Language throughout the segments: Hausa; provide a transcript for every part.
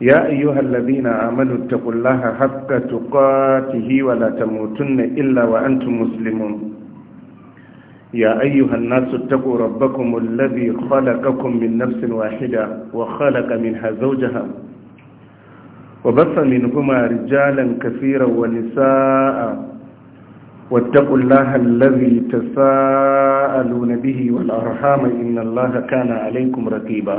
يا أيها الذين آمنوا اتقوا الله حق تقاته ولا تموتن إلا وأنتم مسلمون يا أيها الناس اتقوا ربكم الذي خلقكم من نفس واحدة وخلق منها زوجها وبث منهما رجالا كثيرا ونساء واتقوا الله الذي تساءلون به والأرحام إن الله كان عليكم رقيبا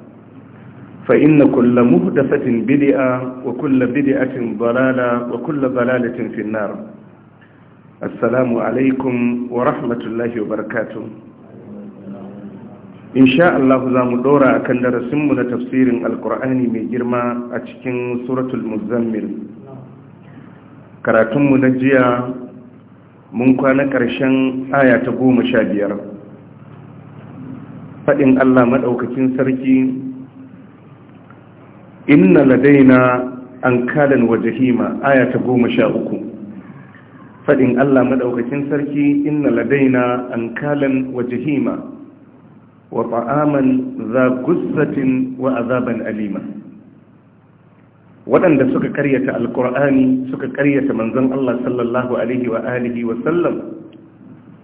فإن كل مهدفة بدئة وكل بدئة ضلالة وكل ضلالة في النار السلام عليكم ورحمة الله وبركاته إن شاء الله زام دورا كان درسمنا تفسير القرآن من جرما أتكين سورة المزمل كراتم نجيا منكوانا كان كرشان آية قوم شابير فإن الله مدعوكتين سركين inna ladaina an kalan wa aya goma sha uku faɗin allah maɗaukakin sarki inna ladaina an kalan wa wa ta'aman za gussatin wa azaban alima waɗanda suka karyata alkur'ani suka karyata manzon allah sallallahu alaihi wa alihi wa sallam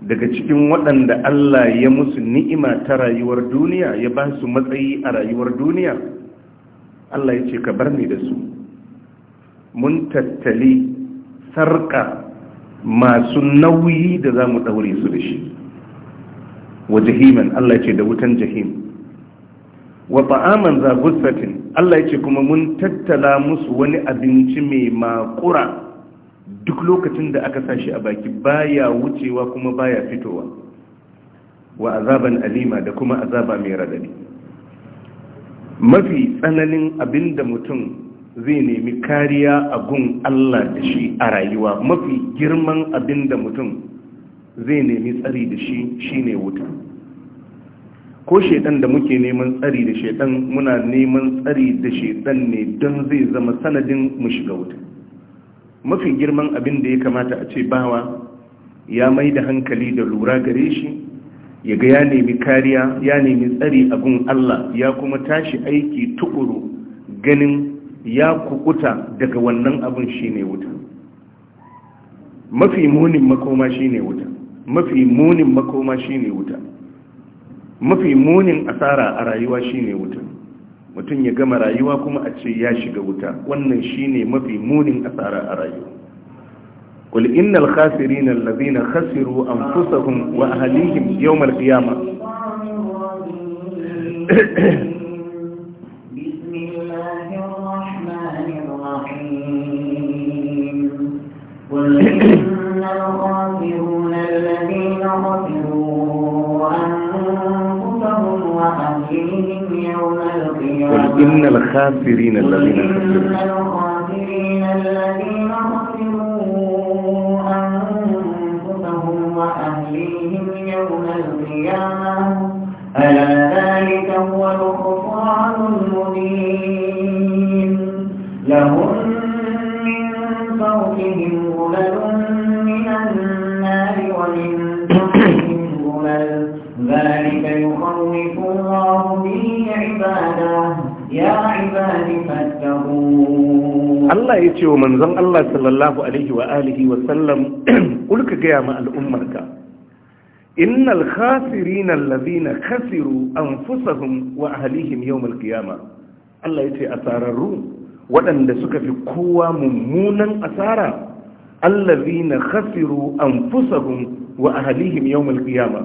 daga cikin waɗanda allah ya musu ni'ima ta rayuwar duniya ya ba su matsayi a rayuwar duniya Allah ya ce ka bar ni da su mun tattali sarƙa masu nauyi da za mu ɗaure su da shi wa jahiman Allah ce da wutan jahim wa ba'aman za gusatin Allah ya ce kuma mun tattala musu wani abinci mai makura duk lokacin da aka sashi a baki baya wucewa kuma baya fitowa wa azaban alima da kuma azaba mai radadi mafi tsananin abin da mutum zai nemi kariya a gun Allah da shi a rayuwa mafi girman abin da mutum zai nemi tsari da shi shine wuta ko shaidan da muke neman tsari da shaidan muna neman tsari da shaidan ne don zai zama sanadin mu shiga wuta mafi girman abin da ya kamata a ce bawa ya mai da hankali da lura gare shi ya ga ya nemi kariya ya nemi tsari a gun Allah ya kuma tashi aiki tukuru ganin ya kukuta daga wannan abin shine wuta mafi munin makoma shine wuta mafi munin makoma shine wuta mafi munin asara a rayuwa shine wuta mutum ya gama rayuwa kuma a ce ya shiga wuta wannan shine mafi munin asara a rayuwa قل إن الخاسرين الذين خسروا أنفسهم وأهليهم يوم القيامة بسم الله الرحمن الرحيم قل إن الخاسرون الذين خسروا أنفسهم وأهليهم يوم القيامة قل إن الخاسرين الذين خسروا القيامة ألا ذلك هو الخسران المدين لهم من فوقهم غلل من النار ومن تحتهم غلل ذلك يخوف الله به عباده يا عباد فاتقون الله يتيو منزل الله صلى الله عليه وآله وسلم قل كقيام الأمة innal khasirina allazina khasiru anfusahum wa ahlihim yawmal qiyama Allah yace asararru waɗanda suka fi kowa mummunan asara allazina khasiru anfusahum wa ahlihim yawmal qiyama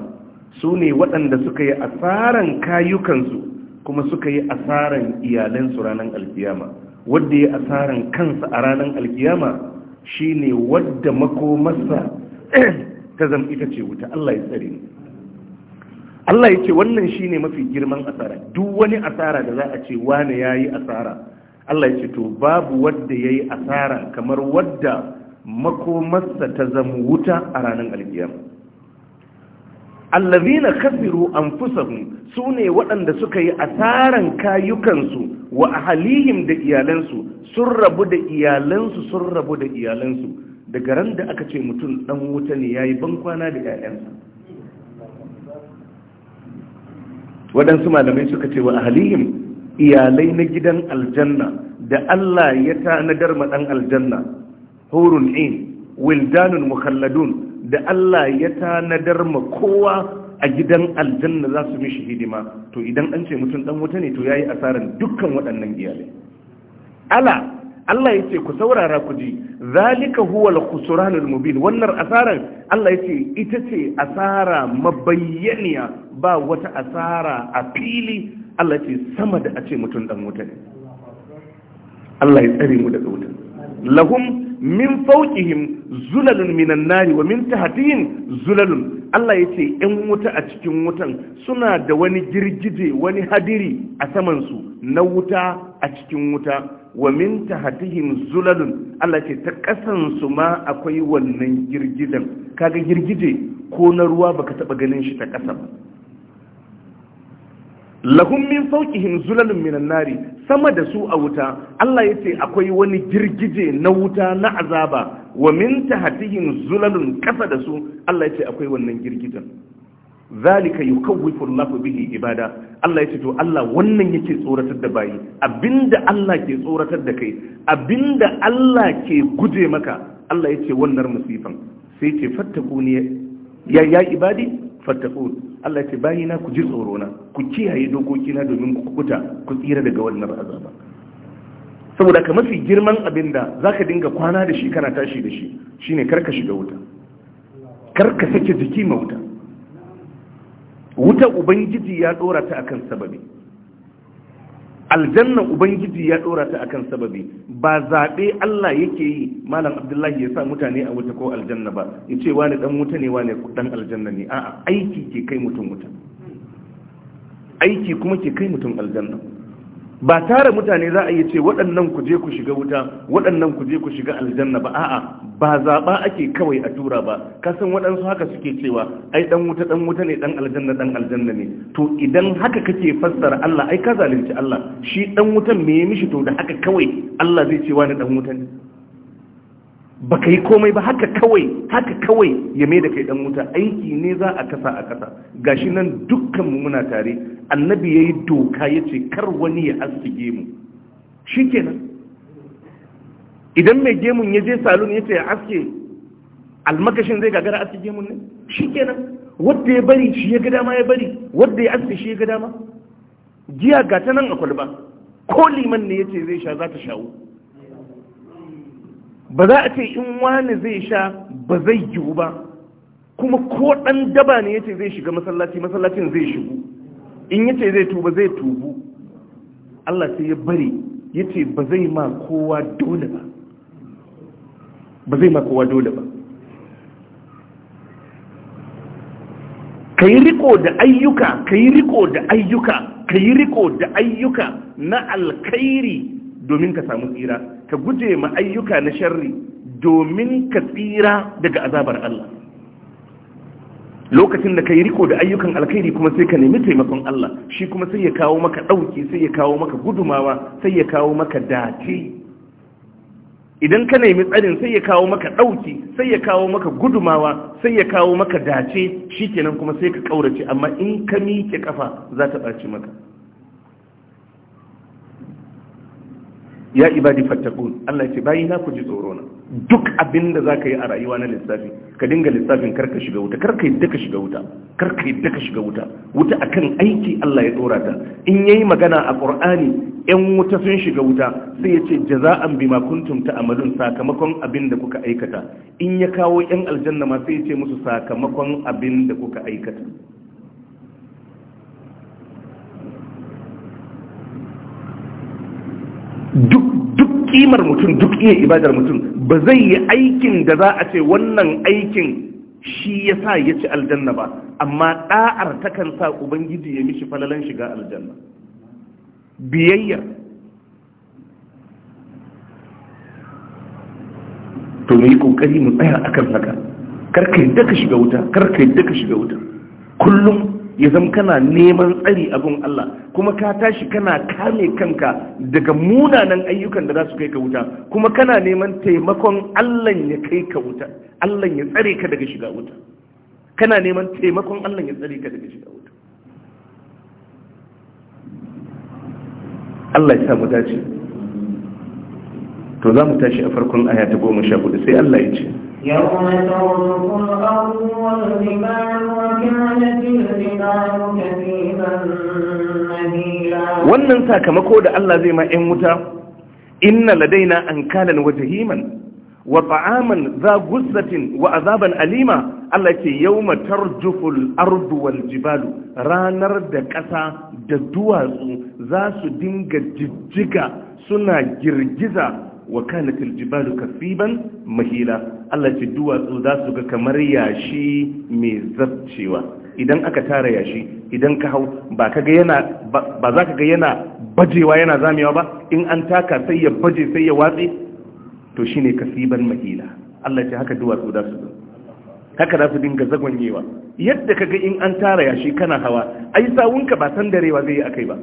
sune waɗanda suka yi asaran kayukansu kuma suka yi asaran iyalansu ranar alkiyama wanda ya asaran kansa a ranar alkiyama shine wadda makomarsa ta zama ita ce wuta Allah ya tsare ni Allah ya ce wannan shine mafi girman asara duk wani asara da za a ce wani yayi asara Allah ya ce to babu wanda yayi asara kamar wadda makomarsa ta zama wuta a ranar alkiyama allazina kafiru anfusahum sune waɗanda suka yi asaran kayukansu wa ahalihim da iyalansu sun rabu da iyalansu sun rabu da iyalansu daga ran da aka ce mutum dan wuta ne yayi bankwana da 'ya'yansa waɗansu malamai suka ce wa ahlihim iyalai na gidan aljanna da Allah ya tanadar ma dan aljanna hurun in wildanun mukhalladun da Allah ya tanadar ma kowa a gidan aljanna za su mishi hidima to idan an ce mutum dan wuta ne to yayi asaran dukkan waɗannan iyalai ala Allah ya ce ku saurara ku ji zalika huwa al-khusranul mubin wannan asaran Allah ya ce ita ce asara mabayyaniya ba wata asara a fili Allah ya ce sama da a ce mutum dan wuta ne Allah ya tsare mu daga wuta lahum min fawqihim zulalun minan nari wa min tahtihim zulalun Allah ya ce ‘yan wuta a cikin wutan suna da wani girgije wani hadiri a samansu na wuta a cikin wuta wa min tahatihim zulalun Allah ce ta kasan su ma akwai wannan girgidan kaga girgije ko na ruwa baka taba ganin shi ta kasa ba lahum min fawqihim zulalun minan nari sama da su a wuta Allah yace akwai wani girgije na wuta na azaba wa min tahatihim zulalun kasa da su Allah yace akwai wannan girgidan zalika yukawwifu Allahu bihi ibada Allah yace to Allah wannan yake tsoratar da bayi abinda Allah ke tsoratar da kai abinda Allah ke guje maka Allah yace wannan musifan sai ce fattakuni ya ya ibadi fattakun Allah yace bayi na ku ji tsoro na ku kiyaye dokoki na domin ku kuta ku tsira daga wannan azaba saboda ka mafi girman abinda zaka dinga kwana da shi kana tashi da shi shine karka shiga wuta karka sake jiki ma wuta wuta ubangiji ya dora ta akan sababi aljanna ubangiji ya dora ta akan sababi ba zaɓe Allah yake yi malam abdullahi ya sa mutane a wuta ko aljanna ba ya ce wani dan wuta ne wani dan aljanna ne a'a aiki ke kai mutum wuta aiki kuma ke kai mutum aljanna ba tara mutane za a yi ce waɗannan ku je ku shiga wuta waɗannan ku je ku shiga aljanna ba a'a ba zaɓa ake kawai a tura ba kasan waɗansu haka suke cewa ai ɗan wuta ɗan wuta ne ɗan aljanna ɗan aljanna ne to idan haka kake fassara Allah ai ka zalunci Allah shi ɗan wutan me ya mishi to da haka kawai Allah zai ce wani ɗan wuta ne Ba ka yi komai ba haka kawai haka kawai ya mai da kai dan wuta aiki ne za a kasa a kasa gashi nan dukkan mu muna tare annabi ya yi doka ya ce, kar wani ya asige mu kenan, idan mai gemun ya je salon ya ce ya aske almakashin zai gagara aske gemun ne kenan, wanda ya bari shi ya ga dama ya bari wanda ya aske shi ya ga dama giya ga ta nan a kwalba ko liman ne ya ce zai sha za ta shawo ba za a ce in wani zai sha ba zai yiwu ba kuma ko ɗan daba ne yace zai shiga masallaci masallacin zai shigo in yace zai tuba zai tubu Allah sai ya bari yace ba zai ma kowa dole ba ba zai ma kowa dole ba yi riko da ayyuka yi riko da ayyuka yi riko da ayyuka na alkhairi domin ka samu tsira ka guje ma ayyuka na sharri domin ka tsira daga azabar Allah lokacin da ka yi riko da ayyukan alkhairi kuma sai ka nemi taimakon Allah shi kuma sai ya kawo maka ɗauki sai ya kawo maka gudumawa sai ya kawo maka dace idan ka nemi tsarin sai ya kawo maka ɗauki sai ya kawo maka gudumawa sai ya kawo maka dace shi kenan kuma sai ka ƙaurace amma in ka miƙe ƙafa za ta ɓaci maka ya ibadi fattakun Allah ce bayi na ku ji tsoro na duk abin da za ka yi a rayuwa na lissafi ka dinga lissafin karka shiga wuta karka yadda ka shiga wuta karka yadda ka shiga wuta wuta akan aiki Allah ya tsora ta in yayi magana a Qur'ani yan wuta sun shiga wuta sai ya ce jaza'an bima kuntum ta'malun sakamakon abin da kuka aikata in ya kawo yan aljanna ma sai ya ce musu sakamakon abin da kuka aikata duk kimar mutum duk iya ibadar mutum ba zai yi aikin da za a ce wannan aikin shi ya sa ya ci aljanna ba amma ɗa'ar takan sa ubangiji ya mishi falalan shiga aljanna biyayya to mu yi kokari mu tsaya akan haka karka yadda ka shiga wuta karka yadda ka shiga wuta kullum ya zama kana neman tsari abin Allah kuma ka tashi kana kame kanka daga munanan ayyukan da za su kai ka wuta kuma kana neman taimakon Allah ya kai ka wuta Allah ya tsare ka daga shiga wuta kana neman taimakon Allah ya tsare ka daga shiga wuta Allah ya samu dace to za mu tashi a farkon aya ta goma sha hudu sai Allah ya ce يوم ترجف الأرض والجبال وكانت الجبال كثيبا مهيلا wannan sakamako da Allah zai ma ‘yan wuta, inna ladaina an kanan wa jahiman, wa za gussatin wa azaban alima, Allah ce yau matar juful jibalu ranar da ƙasa da duwatsu za su dinga jijjiga suna girgiza wa kanatil jibalu kasiban mahila Allah ce duwatsu za su ga kamar yashi mai zabcewa idan aka tara yashi idan ka hau ba ka ga yana ba za ka ga yana bajewa yana zamewa ba in an taka sai ya baje sai ya watsi to shine kasiban mahila Allah ce haka duwatsu za su haka za su dinga zagwanyewa yadda ka ga in an tara yashi kana hawa ai sawunka ba san darewa zai yi akai ba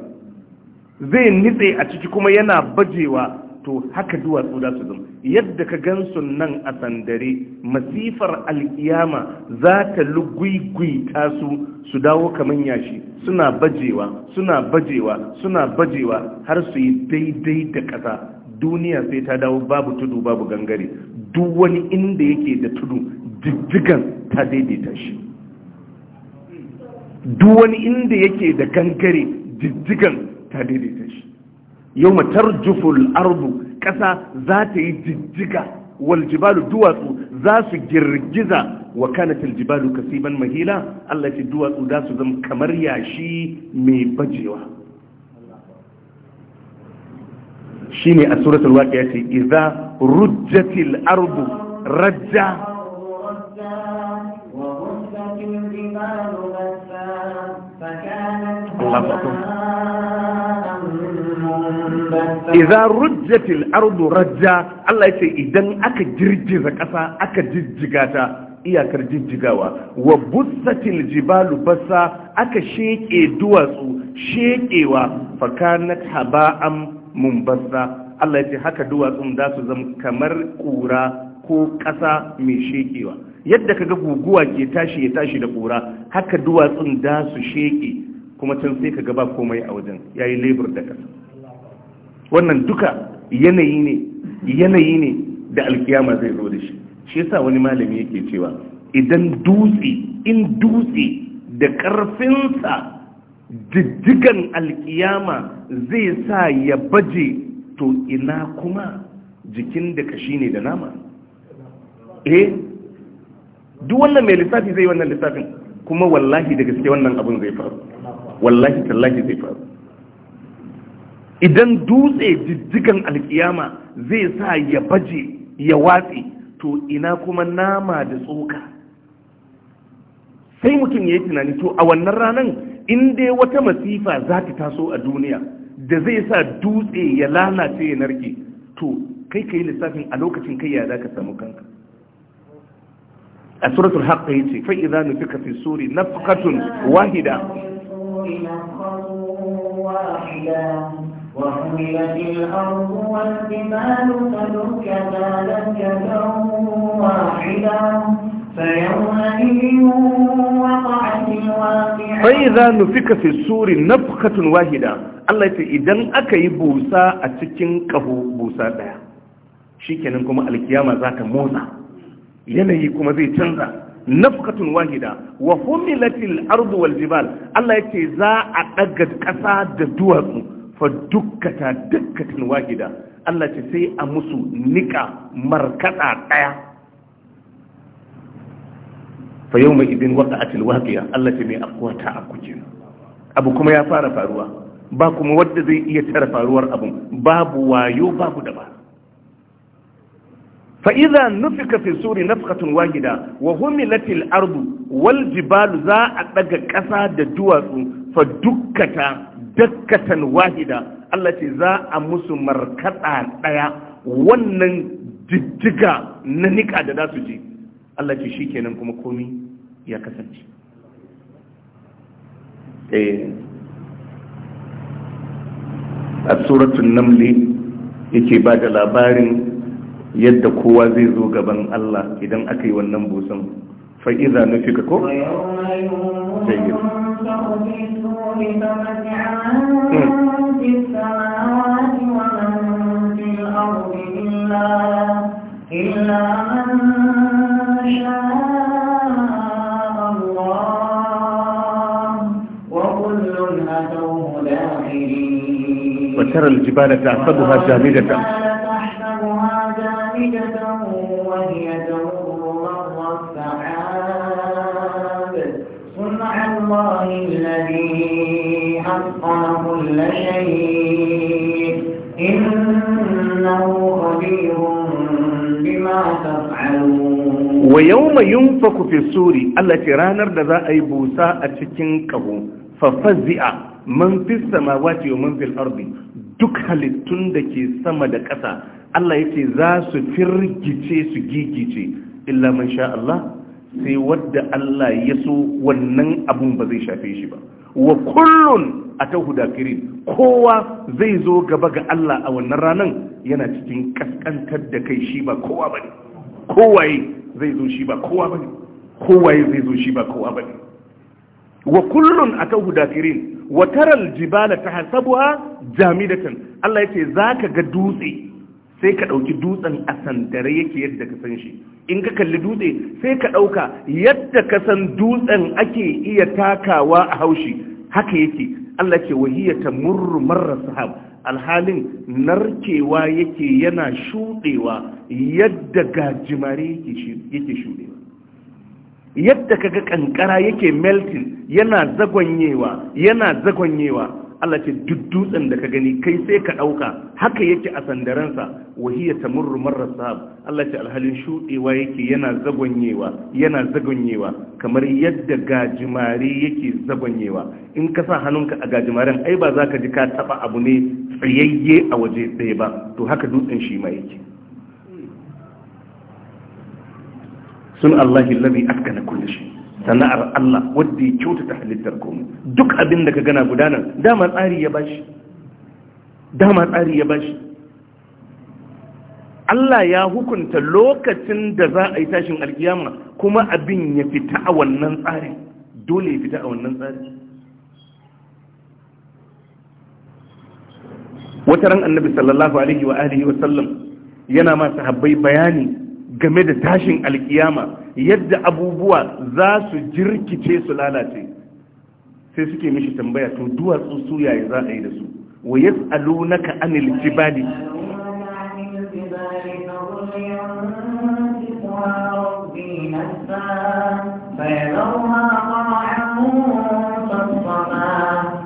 zai nitse a ciki kuma yana bajewa to haka duwatsu za su zama yadda ka gansu nan a sandare masifar alkiyama za ta lugwigwita su su dawo kamar yashi suna bajewa suna bajewa suna bajewa har su yi daidai da ƙasa duniya sai ta dawo babu tudu babu gangare duk wani inda yake da tudu jijjigan ta daidaita shi duk wani inda yake da gangare jijjigan ta daidaita shi يوم ترجف الأرض كسا ذات يجدك والجبال دواتو ذات جرجزة وكانت الجبال كثيبا مهيلة التي دواتو ذات ذم كمرياشي مبجوة شيني السورة الواقعة إذا رجت الأرض رجع الله أكبر iza rujjatil ardu rajja Allah yace idan aka jirjiza ƙasa aka jijjiga ta iyakar jijjigawa wa busatil jibalu basa aka sheke duwatsu shekewa fakanat haba'an mumbassa Allah yace haka duwatsun za su zama kamar kura ko ƙasa mai shekewa yadda kaga guguwa ke tashi ya tashi da kura haka duwatsun da su sheke kuma can sai kaga ba komai a wajen yayi lebur da ƙasa wannan duka yanayi ne yanayi ne da alkiyama zai zo da shi shi yasa wani malami yake cewa idan dutse in dutse da ƙarfinsa diddigan alkiyama zai sa ya baje to ina kuma jikin da kashi ne da nama eh duk wannan mai lissafi zai wannan lissafin kuma wallahi da gaske wannan abin zai faru wallahi tallahi zai faru idan dutse jijjigan alkiyama zai sa ya baje ya watsi, to ina kuma nama da tsoka sai mutum ya yi tunani to a wannan ranar in dai wata masifa za ta taso a duniya da zai sa dutse ya lalace ya narke to kai ka yi lissafin a lokacin kai ya za ka samu kanka a suratul haqqa yace fa idza nufika fi suri nafqatun wahida وحملت الأرض والجبال فدكتا دكة واحدة فيومئذ وقعت الواقعة فإذا نفك في السور نفخة واحدة الله يقول أكي بوسا أتكين كهو بوسا دايا shikenan kuma alkiyama za ta motsa yanayi kuma zai canza nafkatun wahida wa humilatil ardu wal jibal Allah yace za a daga kasa da duwatsu fa dukkata dukkatin wahida Allah ce sai a musu nika markada daya fa yau mai idin waka atil waqiya Allah ce mai afkuwa a akuje abu kuma ya fara faruwa ba kuma wadda zai iya tara faruwar abu babu wayo babu daba fa idza nufika fi suri nafqatun wahida wa humilatil ardu wal jibalu za a daga kasa da duwatsu fa dukkata dakkatan wahida Allah ce za a musu markaɗa ɗaya wannan jijjiga na niƙa da za su je Allah ce shi kenan kuma komi ya kasance eh. a suratun namli yake ba da labarin yadda kowa zai zo gaban Allah idan aka yi wannan busan fa'iza fi ka ko? sai في السور فمن في السماوات ومن في الأرض إلا, إلا من شاء الله وكل وترى الجبال تعصبها جامدة تحسبها جامدة وهي جواب الله الذي أطلق كل شيء إنه خبير بما تفعلون wa yawma yunfaku fi suri allati ranar da za a yi busa a cikin kabo fa fazi'a man fi samawati man fil ardi duk halittun da ke sama da ƙasa Allah yake za su firgice su gigice illa man sha Allah sai wadda Allah ya so wannan abun ba zai shafe shi ba wa kullun a ta hudakirin kowa zai zo gaba ga Allah a wannan ranan yana cikin kaskantar da kai shi ba kowa ba ne kowaye zai zo shi ba kowa ba ne kowaye zai zo shi ba kowa ba ne wa kullun a ta hudakirin wa taral jibala ta hasabuwa jamidatan Allah ya ce za ka ga dutse sai ka ɗauki dutsen a sandare yake yadda ka san shi in ka kalli dutse sai ka ɗauka yadda ka san dutsen ake iya takawa a haushi haka yake Allah ke wahiyar ta murmar sahab alhalin narkewa yake yana shuɗewa yadda gajimare yake shuɗewa yadda kaga kankara yake melting yana zagonyewa yana zagonyewa Allah ce duk dutsen da ka gani kai sai ka ɗauka haka yake a sandaransa wahiyar tamurru marar sahab Allah ce alhalin shuɗewa yake yana zagonyewa yana zagonyewa kamar yadda gajimare yake zagonyewa in ka sa hannunka a gajimaren ai ba za ka ji ka taɓa abu ne tsayayye a waje ɗaya ba to haka dutsen shi ma yake sun Allahi labi na kulle shi sana'ar Allah wadda ya kyautata halittar komai duk abin da ka gana gudanar dama tsari ya bashi dama tsari ya bashi Allah ya hukunta lokacin da za a yi tashin alkiyama kuma abin ya fita a wannan tsari dole ya fita a wannan tsari. wata ran annabi sallallahu alaihi wa alihi wa sallam yana ma sahabbai bayani game da tashin alkiyama yadda abubuwa za su jirkice su lalace sai suke mishi tambaya to duwatsu su yayi za a yi da su wa yas'alunaka anil jibali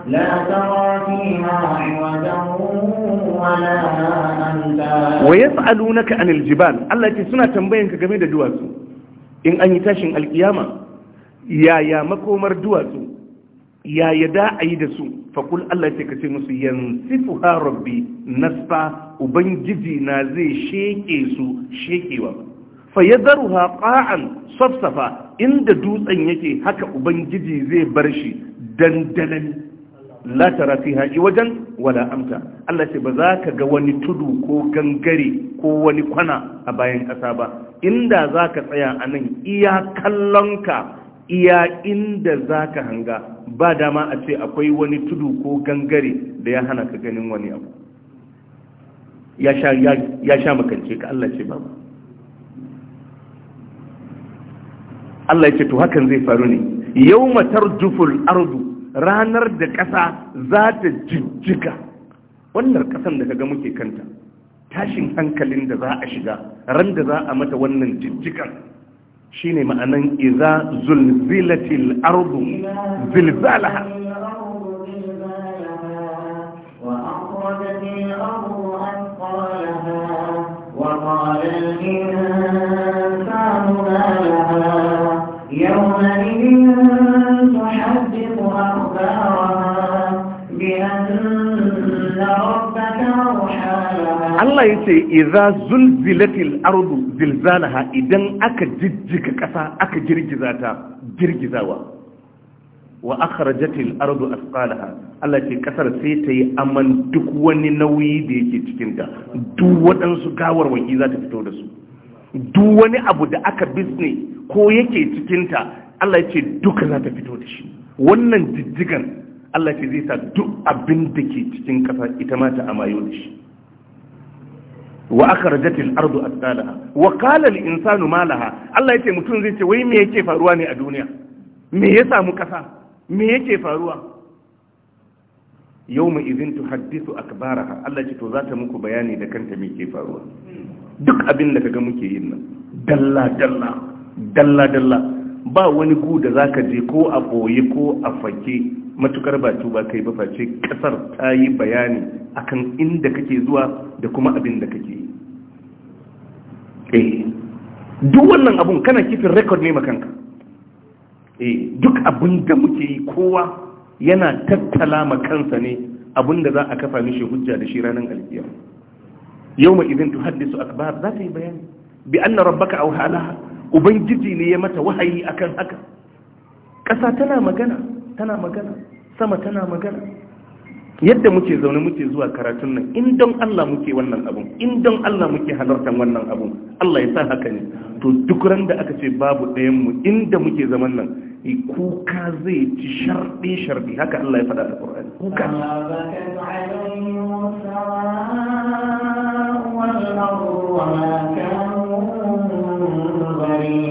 لا ترى فيها عوجا ولا wa yas'alunaka anil jibal Allah yake suna tambayan game da duwatsu in an yi tashin alkiyama yaya makomar duwatsu yaya da a da su faƙul Allah ce kace musu yansifu ha rabbi nasfa ubangiji na zai sheke su shekewa fa ya zaru ha ƙa'an safsafa inda dutsen yake haka ubangiji zai bar shi dandalani la tara fiha iwajan wala amta Allah ce ba za ka ga wani tudu ko gangare ko wani kwana a bayan ƙasa ba inda za ka tsaya a nan iya kallonka iya inda za ka hanga ba dama a ce akwai wani tudu ko gangare da ya hana ka ganin wani abu ya sha makance ka Allah ce ba Allah ya ce to hakan zai faru ne yau matar juful ardu ranar da ƙasa za ta jijjiga wannan ƙasan da kaga muke kanta tashin hankalin da za a shiga ran da za a mata wannan jijjigan shine ma'anan iza zulzilatil ardu zilzalaha Allah ya ce idza zulzilatil ardu zilzalaha idan aka jijjiga kasa aka girgiza ta girgizawa wa akhrajatil ardu asqalaha Allah ce kasar sai ta yi aman duk wani nauyi da yake cikin ta duk waɗansu gawarwaki za ta fito da su duk wani abu da aka bisne ko yake cikin ta Allah ya ce duka za ta fito da shi wannan jijjigan Allah ce zai sa duk abin da ke cikin kasa ita ma ta amayo da shi wa akhrajat al-ardu athqalaha wa qala al-insanu ma laha Allah yace mutum zai ce wai me yake faruwa ne a duniya me ya samu kasa me yake faruwa yawma idhin tuhaddithu akbaraha Allah yace to za ta muku bayani da kanta me yake faruwa duk abin da kaga muke yin nan dalla dalla dalla dalla ba wani gu da zaka je ko a boye ko a fake matukar ba tuba kai ba face kasar ta yi bayani akan inda kake zuwa da kuma abin da kake eh duk wannan abun kana kifin record ne makanka eh duk abin da muke yi kowa yana tattala kansa ne abin da za a kafa mishi hujja da shi ranar alkiyar yau ma tuhaddisu akbar za ta yi bayani bi anna rabbaka au halaha ubangiji ne ya mata wahayi akan haka ƙasa tana magana tana magana sama tana magana yadda muke zaune muke zuwa karatun nan in don Allah muke wannan abun in don Allah muke halartar wannan abun Allah ya sa haka ne to duk ran da aka ce babu ɗayan mu inda muke zaman nan eh, kuka zai ci sharɗi sharɗi haka Allah ya faɗa da Qur'ani kuka Allah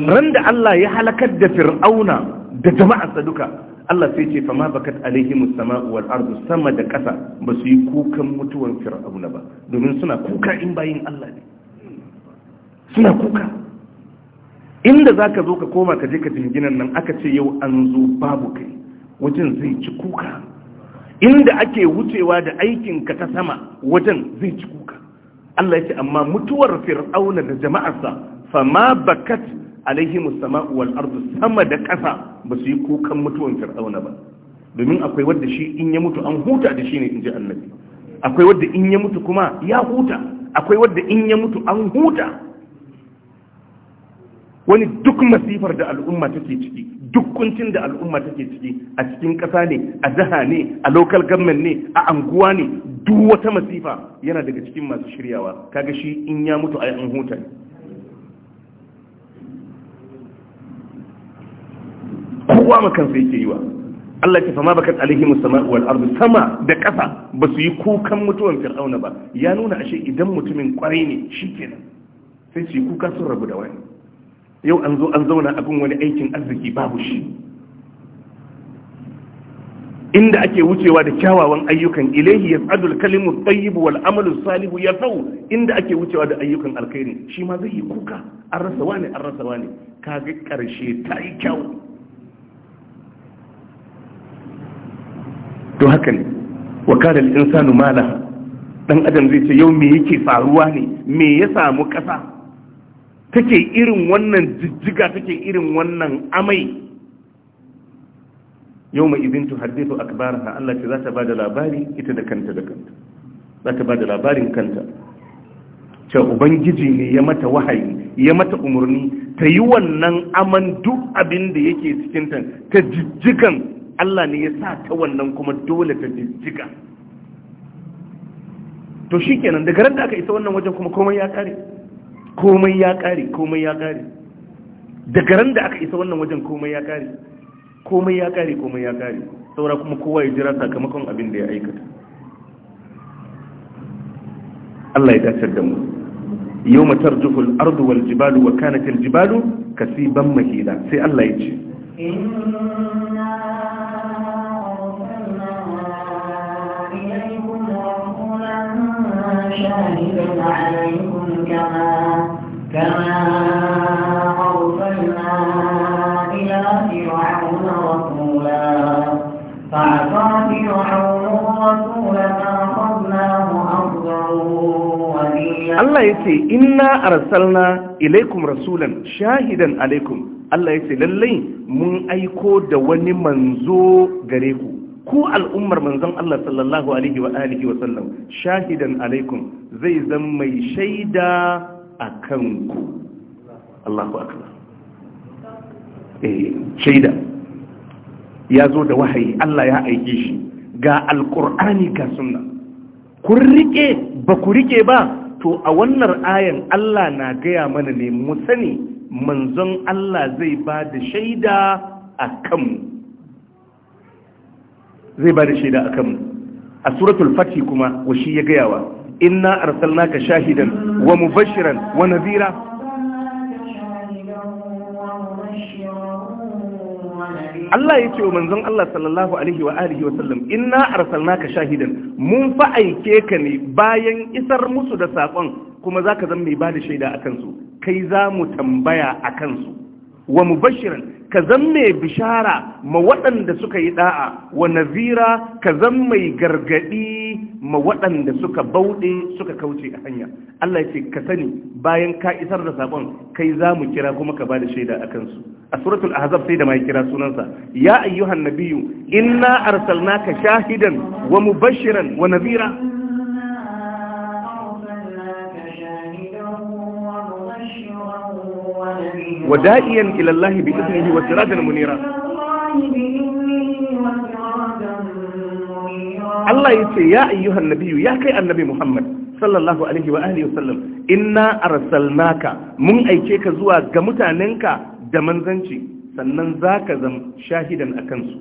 ran da Allah ya halakar da fir'auna da jama'arsa duka Allah sai ce fama bakat alaihi musama'u wal ardu sama da ƙasa ba su yi kukan mutuwar fir'auna ba domin suna kuka in bayin Allah ne suna kuka inda za ka zo ka koma ka je ka jinginan nan aka ce yau an zo babu kai wajen zai ci kuka inda ake wucewa da aikin ka ta sama wajen zai ci kuka Allah ya ce amma mutuwar fir'auna da jama'arsa fama bakat alaihi musamman uwal arzu sama da ƙasa ba su yi kukan mutuwan fir'auna ba domin akwai wadda shi in ya mutu an huta da shi ne in ji annabi akwai wadda in ya mutu kuma ya huta akwai wadda in ya mutu an huta wani duk masifar da al'umma take ciki duk kuncin da al'umma take ciki a cikin ƙasa ne a jiha ne a local government ne a anguwa ne duk wata masifa yana daga cikin masu shiryawa kaga shi in ya mutu a an huta ne kowa ma kansa yake yi wa Allah ya fama bakat alaihi musamman wal ardu sama da ƙasa ba su yi kukan mutuwan fir'auna ba ya nuna ashe idan mutumin kwarai ne shikenan sai su yi kuka sun rabu da wani yau an zo an zauna abin wani aikin arziki babu shi inda ake wucewa da kyawawan ayyukan ilaihi ya tsadul kalimu tsayibu wal amalu salihu ya sau inda ake wucewa da ayyukan alkhairi shi ma zai yi kuka an rasa wani an rasa wani kaga karshe ta yi kyawu to haka ne wa kada insanu mala dan adam zai ce yau me yake faruwa ne me ya samu kasa take irin wannan jijjiga take irin wannan amai yau mai izin tu hadithu akbaraha Allah ce za ta bada labari ita da kanta da kanta za ta bada labarin kanta ce ubangiji ne ya mata wahayi ya mata umarni ta yi wannan aman duk abin da yake cikin ta ta jijjigan Allah ne ya sa ta wannan kuma dole ta jijjiga to shi kenan daga ran da aka isa wannan wajen kuma komai ya kare komai ya kare komai ya kare daga ran da aka isa wannan wajen komai ya kare komai ya kare komai ya kare saura kuma kowa ya jira sakamakon abin da ya aikata Allah ya dace da mu yau matar juful ardu wal jibalu wa kanatil jibalu kasiban mahila sai Allah ya ce شاهد عليكم كما كما أرسلنا إلى فرعون رسولا فعصى فرعون فأخذناه أخذا Allah ya ce, Inna arsalna ilaikum rasulan shahidan alaikum, Allah ya ce, lallai mun aiko da wani manzo gare ku, ku al'ummar manzon Allah sallallahu alaihi wa alihi wa sallam shahidan alaikum zai zan mai shaida akan ku Allahu akbar eh shaida ya zo da wahayi Allah ya aike shi ga alqur'ani ga sunna kun rike ba ku rike ba to a wannan ayan Allah na gaya mana ne mu sani manzon Allah zai ba da shaida a kanmu zai ba da shaida a kanmu. a suratul fati kuma wa shi ya gayawa inna arsalnaka shahidan wa mubashiran wa nadhira Allah ya ce wa manzon Allah sallallahu alaihi wa alihi wa sallam inna arsalnaka shahidan mun fa aike ka ne bayan isar musu da sakon kuma zaka zama mai bada shaida akan su kai za mu tambaya akan su wa mubashiran ka zan mai bishara ma waɗanda suka yi da'a wa nazira ka zan mai gargaɗi ma waɗanda suka bauɗe suka kauce a hanya Allah ce ka sani bayan ka isar da saƙon kai za mu kira kuma ka ba da shaida a kansu a suratul ahzab sai da mai kira sunansa ya ayyuhan nabiyyu inna arsalnaka shahidan wa mubashiran wa nazira ودائيا إلى الله بإذنه وسراجا منيرا الله يقول يا أيها النبي يا كي النبي محمد صلى الله عليه وآله وسلم إنا أرسلناك من أيكيك زوا قمتاننك دمنزنشي سننزاك زم شاهدا أكنسو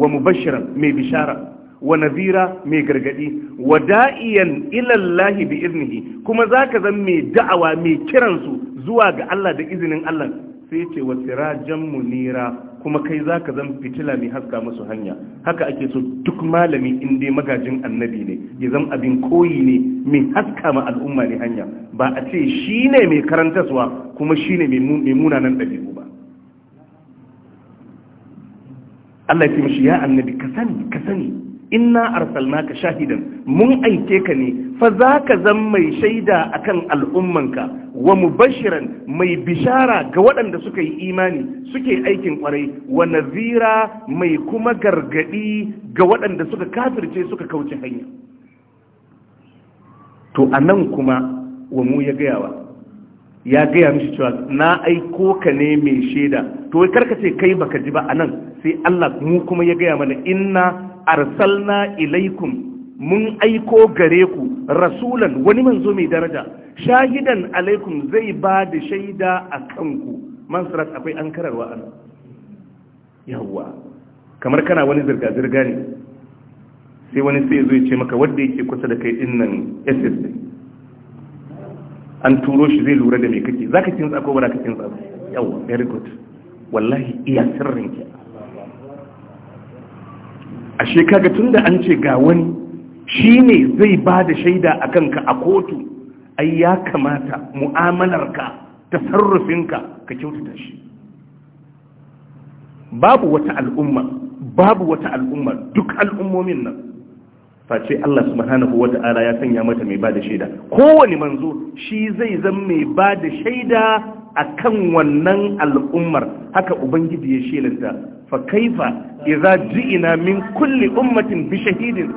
ومبشرا مي بشارة wa nazira mai gargadi wa da'iyan ilallahi bi iznihi kuma zaka zan mai da'awa mai kiransu zuwa ga Allah da izinin Allah sai ce wa sirajan munira kuma kai zaka zan fitila mai haska musu hanya haka ake so duk malami in dai magajin annabi ne ya zan abin koyi ne mai haska ma al'umma ne hanya ba a ce shine mai karantaswa kuma shine mai munanan ɗabi'u ba Allah ya ce mishi ya annabi ka sani ka sani inna arsalnaka shahidan mun aike ka ne fa za ka zan mai shaida akan al'ummanka wa mubashiran mai bishara ga waɗanda suka yi imani suke aikin kwarai wa nazira mai kuma gargadi ga waɗanda suka kafirce suka kauce hanya to anan kuma wa mu ya gayawa ya gaya mishi cewa na aiko ka ne mai shaida to karka ce kai baka ji ba anan sai Allah mu kuma ya gaya mana inna arsalna ilaikum mun aiko gare ku rasulan wani manzo mai daraja shahidan alaikum zai ba da shaida a kanku mansurat akwai an kararwa ana yawwa kamar kana wani zirga-zirga ne sai wani sai zai ce maka wadda yake kusa da kai dinnan ss an turo shi zai lura da mai kake za ka kinsa ko ba za ka tsako yawwa very good wallahi iya sirrin kenan ashe kaga da an ce ga wani shi ne zai ba da shaida a kanka a kotu ai ya kamata mu'amalarka sarrafinka ka kyautata shi babu wata al'umma babu wata al'umma duk al'ummomin nan face Allah subhanahu wa ta'ala ya sanya mata mai bada shaida kowane manzo shi zai zan mai bada shaida akan wannan al'ummar haka ubangiji ya shelanta fa kaifa idza ji'ina min kulli ummatin bi shahidin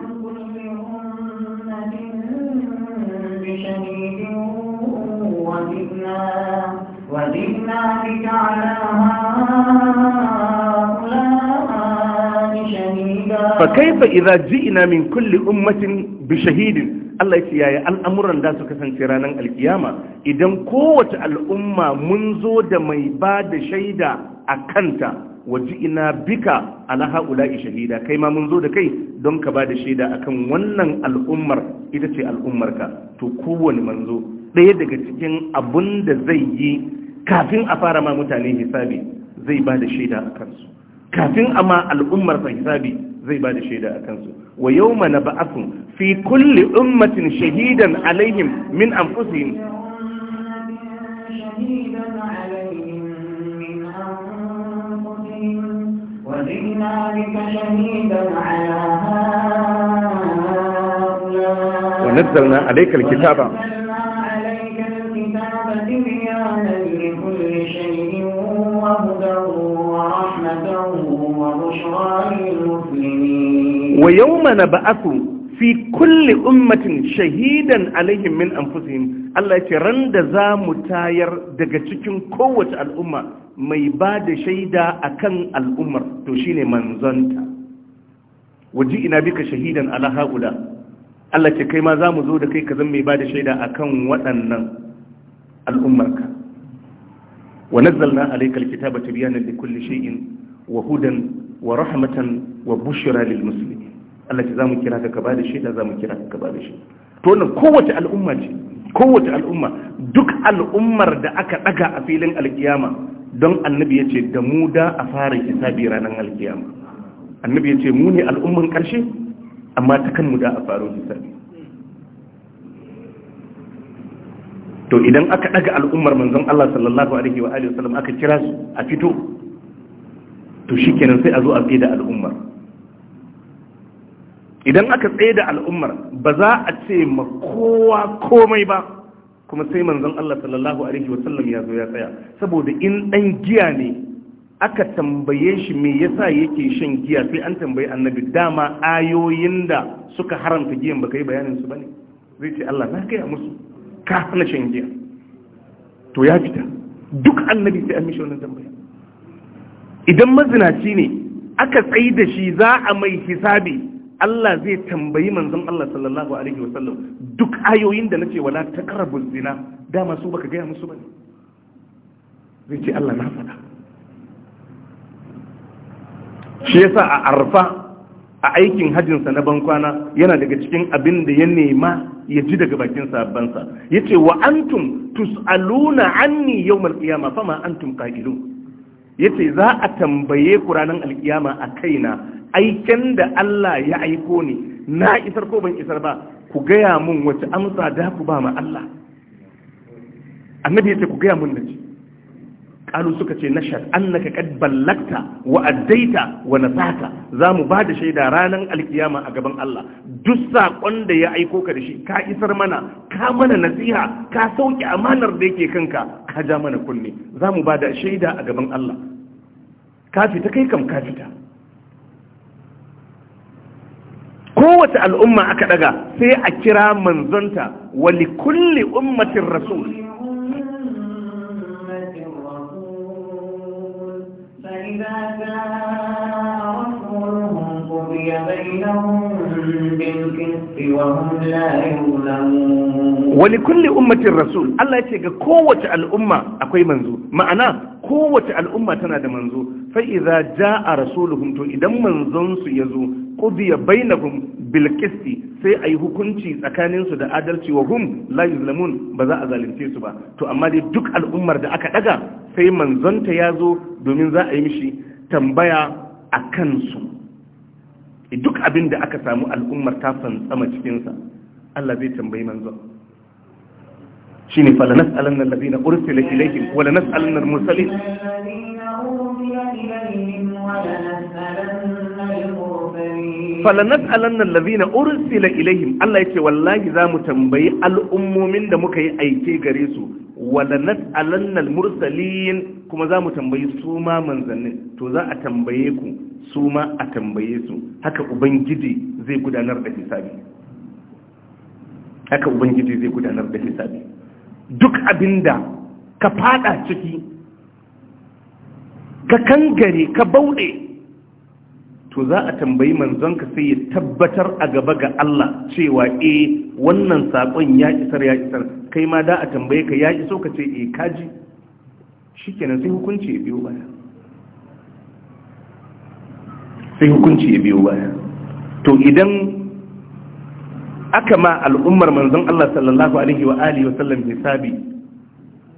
fa kaifa ji ina min kulle ummatin bi shahidin Allah yace yaya al'amuran da su kasance ranar alkiyama idan kowace al'umma mun zo da mai ba da shaida a kanta wa ina bika ala haula'i shahida kai ma mun zo da kai don ka ba da shaida a kan wannan al'ummar ita ce al'ummarka to kowane manzo ɗaya daga cikin abun da zai yi kafin a fara ma mutane hisabi zai ba da shaida a kansu kafin a ma al'ummarsa hisabi zai ba da shaida a kansu wa yau mana ba'afu fi kulli ummatin shahidan alaihim min anfusihim وجئنا بك شهيدا على هؤلاء ونزلنا عليك الكتاب ونزلنا عليك الكتاب تبيانا Wa للمسلمين ويوم نبعث fi kulle ummatin shahidan alaihim min anfusihim Allah ce ran da za mu tayar daga cikin kowace al'umma mai ba da shaida akan al'ummar to shine manzonta waji ina bika shahidan ala haula Allah ce kai ma za mu zo da kai ka zan mai ba da shaida akan waɗannan al'ummarka wa nazzalna alaikal kitaba tibyanan likulli shay'in wa hudan wa rahmatan wa bushra lil muslimin Allah ce zamu kira ka ba da shaida zamu kira ka ba da shi. to wannan kowace al'umma ce kowace al'umma duk al'ummar da aka daga a filin alkiyama don annabi yace da mu da a fara hisabi ranar alkiyama annabi yace mu ne al'umman karshe amma ta kan mu da a fara hisabi to idan aka daga al'ummar manzon Allah sallallahu alaihi wa alihi wasallam aka kira su a fito to shi kenan sai a zo a tsaye da al'ummar idan aka tsaye da al'ummar ba za a ce ma kowa komai ba kuma sai manzon Allah sallallahu alaihi wasallam ya zo ya tsaya saboda in dan giya ne aka tambaye shi me yasa yake shan giya sai an tambaye annabi dama ayoyin da suka haramta giyan baka yi bayanin su bane zai ce Allah na kai musu ka hana shan giya to ya fita duk annabi sai an mishi wannan tambaya idan mazinaci ne aka tsayi da shi za a mai hisabi Allah zai tambayi manzon Allah sallallahu alaihi wasallam duk ayoyin da nace wala taqrabu zina dama su baka gaya musu bane zai ce Allah na faɗa shi yasa a arfa a aikin hajjinsa na bankwana yana daga cikin abin da ya nema ya ji daga bakin sabansa yace wa antum tusaluna anni yawmal qiyamah fama antum qa'ilun yace za a tambaye ku ranar alkiyama a kaina aiken da Allah ya aiko ni na isar ko ban isar ba ku gaya mun wace amsa da ku ba ma Allah annabi yace ku gaya mun ce. qalu suka ce nashhad annaka qad ballagta wa addaita wa nasata zamu ba da shaida ranan alkiyama a gaban Allah duk sakon da ya aiko ka da shi ka isar mana ka mana nasiha ka sauki amanar da yake kanka ka ja mana kunne zamu ba da shaida a gaban Allah ka fita kai kam ka fita kowace al'umma aka daga sai a kira manzonta wa likulli ummatin rasul wani بينهم بالقسط وهم لا يظلمون ولكل أمة الرسول الله يتيقى قوة الأمة أكوي منزو معنا قوة الأمة تنادى منزو فإذا جاء رسولهم تو إذا منزنس يزو قضي بينهم بالقسط sai a yi hukunci tsakaninsu da adalci wa hum la yuzlamun ba za a zalunce su ba to amma dai duk al'ummar da aka daga sai manzonta ya zo domin za a yi mishi tambaya a kansu duk abin da aka samu al'ummar ta fantsama cikinsa Allah zai tambayi manzo shi ne fala nas'alanna nan ursila ursila wa wala nas'alanna al mursalin fala nas'alanna nan ursila ilayhim Allah yake wallahi za mu tambayi al'ummomin da muka yi aike gare su wala nas'alanna al mursalin kuma za mu tambayi su ma manzannin to za a tambaye ku su ma a tambaye su haka ubangiji zai gudanar da hisabi haka ubangiji zai gudanar da hisabi duk abinda ka fada ciki ka kangare ka bauɗe to za a tambayi manzonka sai ya tabbatar a gaba ga Allah cewa eh wannan sakon ya isar ya isar kai ma da a tambaye ka ya iso ka ce eh kaji shikenan sai hukunci ya biyo baya sai hukunci ya biyo baya to idan aka ma al'ummar manzon Allah sallallahu alaihi wa alihi wa sallam hisabi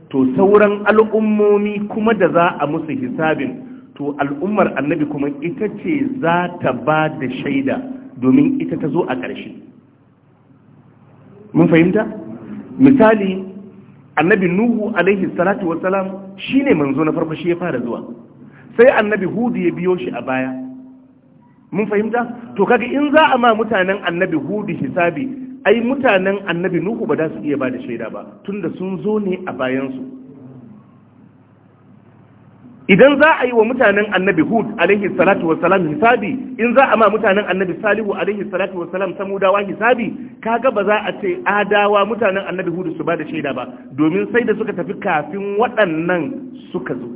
to sauran al'ummomi kuma da za a musu hisabin to al'ummar annabi kuma ita ce za ta ba da shaida domin ita ta zo a ƙarshe mun fahimta misali annabi nuhu alaihi salatu wa wassalam shine manzo na farko shi ya fara zuwa sai annabi hudu ya biyo shi a baya mun fahimta to kaga in za a ma mutanen annabi hudu hisabi ai mutanen annabi nuhu ba za su iya ba da shaida ba tunda sun zo ne a bayansu idan za a yi wa mutanen annabi hud alaihi salatu salam hisabi in za a ma mutanen annabi salihu alaihi salatu salam samudawa hisabi kaga ba za a ce adawa mutanen annabi hud su ba da shaida ba domin sai da suka tafi kafin waɗannan suka zo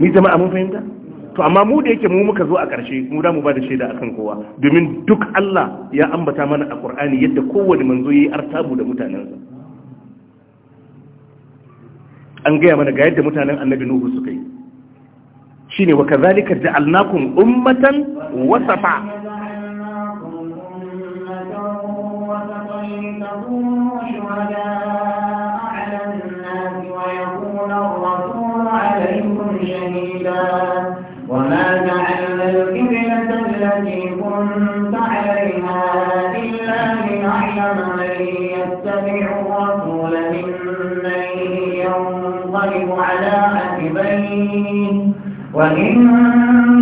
ni jama'a mun fahimta to amma mu da yake mu muka zo a ƙarshe mu da mu ba da shaida akan kowa domin duk Allah ya ambata mana a Qur'ani yadda kowane manzo yayi artabu da mutanensa an gaya mana ga yadda mutanen annabi nuhu suka yi shine wa kazalika ja'alnakum ummatan wasafa وما جعلنا القبلة من يتبع الرسول ممن على عقبيه وإن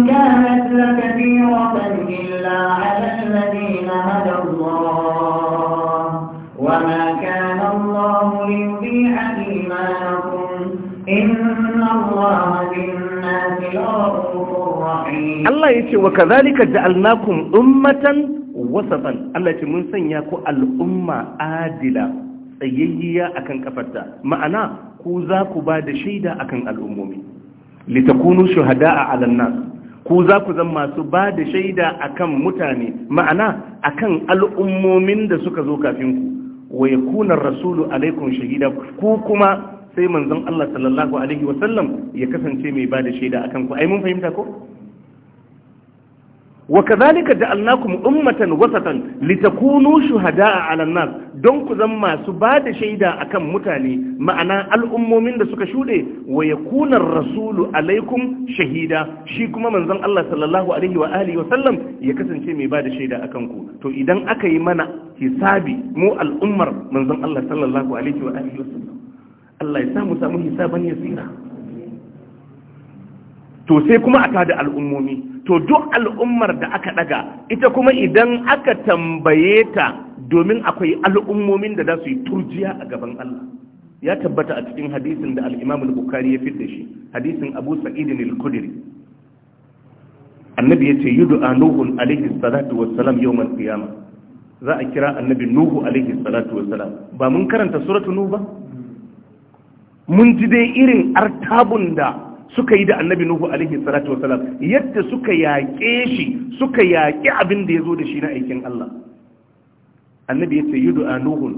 كانت لكثيرة إلا على الذين هدى الله وما كان الله ليضيع إيمانكم إن الله بالناس لرؤوف رحيم الله يتي وكذلك جعلناكم أمة وسطا الله يتي من سنياكو الأمة عادلة tsayayyiya akan kafarta ma'ana ku za ku ba da shaida akan al'ummomi litakunu shuhada a alannan ku za ku zama masu ba da shaida akan mutane ma'ana akan al'ummomin da suka zo kafin ku wa yakuna rasulu alaikun shahida ku kuma sai manzon Allah sallallahu alaihi wasallam ya kasance mai ba da shaida a kanku. ai mun fahimta ko وكذلك جعلناكم أمة وسطا لتكونوا شهداء على الناس don ku zan masu ba da shaida akan mutane ma'ana al'ummomin da suka shuɗe wa ya rasulu alaikum shahida shi kuma manzon Allah sallallahu alaihi wa wa sallam ya kasance mai bada shaida akan ku to idan aka yi mana hisabi mu al'ummar manzon Allah sallallahu alaihi wa sallam Allah ya samu hisaban yasira to sai kuma a tada al'ummomi to duk al'ummar da aka daga ita kuma idan aka tambaye ta domin akwai al'ummomin da za su yi turjiya a gaban Allah ya tabbata a cikin hadisin da al-Imam al-Bukhari ya fitar shi hadisin Abu Sa'id al-Khudri annabi yace yud'a nuhun alaihi salatu wassalam yawmal qiyamah za a kira annabi nuhu alaihi salatu wassalam ba mun karanta suratu nuh ba mun ji dai irin artabun da suka yi da annabi nuhu alaihi salatu wasalam yadda suka yaƙe shi suka yaƙi abin da ya zo da shi na aikin Allah annabi ya ce Nuhu a nuhun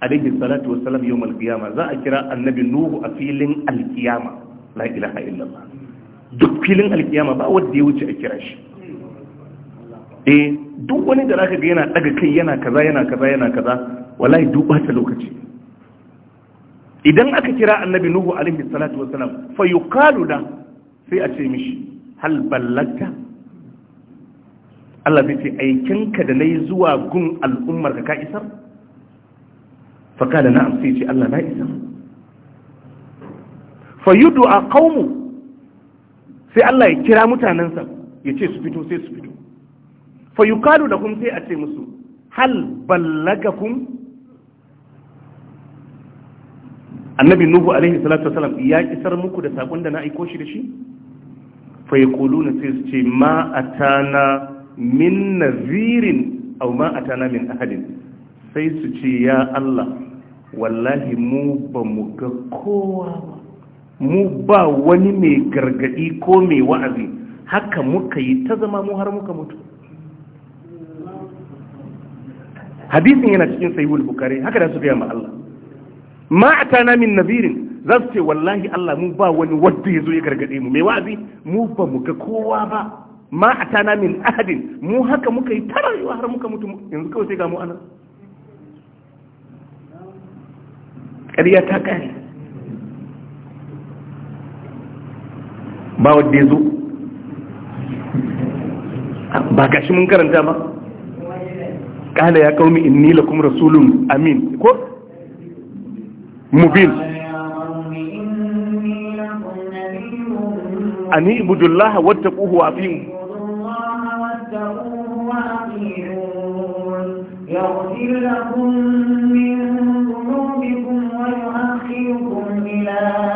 alaihi salatu wasalam yau malkiyama za a kira annabi nuhu a filin alkiyama la ilaha illallah duk filin alkiyama ba wanda ya wuce a kira shi eh duk wani da zaka ga yana ɗaga kai yana kaza yana kaza yana kaza wallahi duk bata lokaci idan aka kira annabi nuhu alaihi salatu wassalam fa yuqalu da sai a ce mishi hal ballagta Allah zai ce aikinka da nayi zuwa gun al'ummar ka isar fa kana na'am sai ce Allah na isar fa yud'a qaumu sai Allah ya kira mutanansa ya ce su fito sai su fito fa yuqalu kun sai a ce musu hal ballagakum annabi nuhu alaihi salatu wasalam ya kisar muku da sakon da na aiko shi da shi fa na sai su ce ma atana min nazirin aw ma atana min ahadin sai su ce ya Allah wallahi mu ba mu ga kowa mu ba wani mai gargadi ko mai wa'azi haka muka yi ta zama mu har muka mutu hadisin yana cikin sahihul bukhari haka da su ga ma Allah ma atana min nabirin za su ce wallahi Allah mu ba wani wadda ya zo ya gargaɗe mu mai wa'azi mu ba mu ga kowa ba ma atana min ahadin mu haka muka yi tara, yi har muka mutu yanzu kawai sai ga mu anan ƙarya ta ƙare ba wadda ya zo ba gashi mun karanta ba kala ya kaumi inni lakum rasulun amin ko مبين أن اعبدوا الله واتقوه وأطيعوه يغفر لكم من ذنوبكم ويؤخركم إلى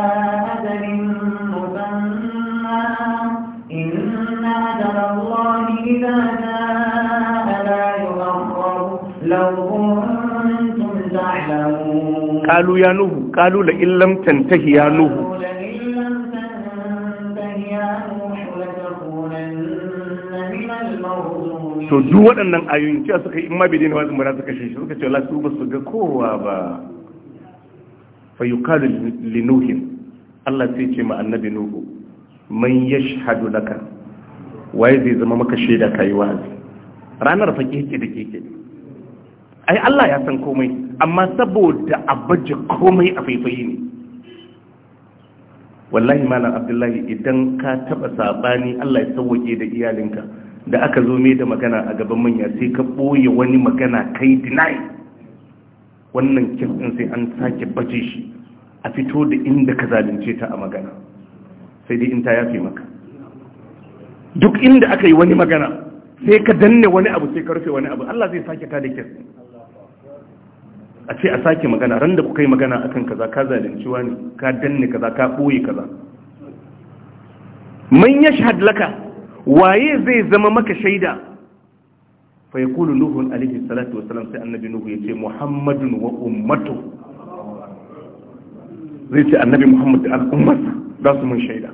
قالوا يا نوح قالوا لئن لم تنتهي يا نوح to duk waɗannan ayoyin cewa suka yi in ma bai daina wazin mura suka shi suka ce lasu ba su ga kowa ba fa yuqalu li nuhin Allah sai ce ma annabi nuhu man yashhadu laka waye zai zama maka shaida kai wazi ranar fa kike da ke. ai Allah ya san komai amma saboda a baje komai a faifayi ne wallahi malam abdullahi idan ka taba sabani Allah ya sauke da iyalinka da aka zo mai da magana a gaban manya sai ka boye wani magana kai deny wannan kirkin sai an sake baje shi a fito da inda ka zalunce ta a magana sai dai in ta yafe maka duk inda aka yi wani magana sai ka danne wani abu sai ka rufe wani abu Allah zai sake ta da kirkin a ce a sake magana ran da kuka yi magana akan kaza ka zalunci wani ka danne kaza ka ɓoye kaza man yashhad laka waye zai zama maka shaida fa yaqulu nuhu alayhi salatu wa salam sai annabi nuhu ya ce muhammadun wa ummatu zai ce annabi muhammad da al'ummar za su mun shaida